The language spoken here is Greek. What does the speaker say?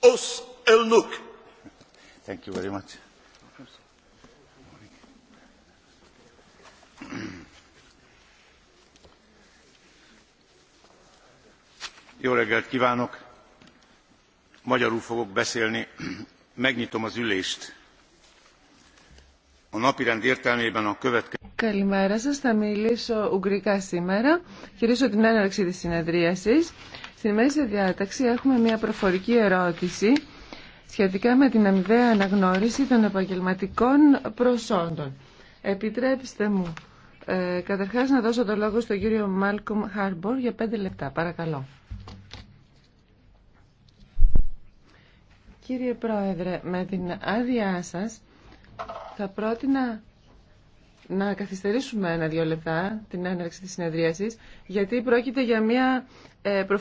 ως Ελνούκ. Thank you very much. Jó reggelt kívánok! Magyarul fogok beszélni. Megnyitom az ülést. A napirend értelmében a következő... Καλημέρα σας. Θα μιλήσω ουγγρικά σήμερα. Χειρίζω την έναρξη της συνεδρίασης. Στην μέση διάταξη έχουμε μια προφορική ερώτηση σχετικά με την αμοιβαία αναγνώριση των επαγγελματικών προσόντων. Επιτρέψτε μου ε, καταρχάς να δώσω το λόγο στον κύριο Μάλκομ Χάρμπορ για πέντε λεπτά. Παρακαλώ. Κύριε Πρόεδρε, με την άδειά σας θα πρότεινα να καθυστερήσουμε ένα-δύο λεπτά την έναρξη της συνεδρίασης, γιατί πρόκειται για μια ε, προφορική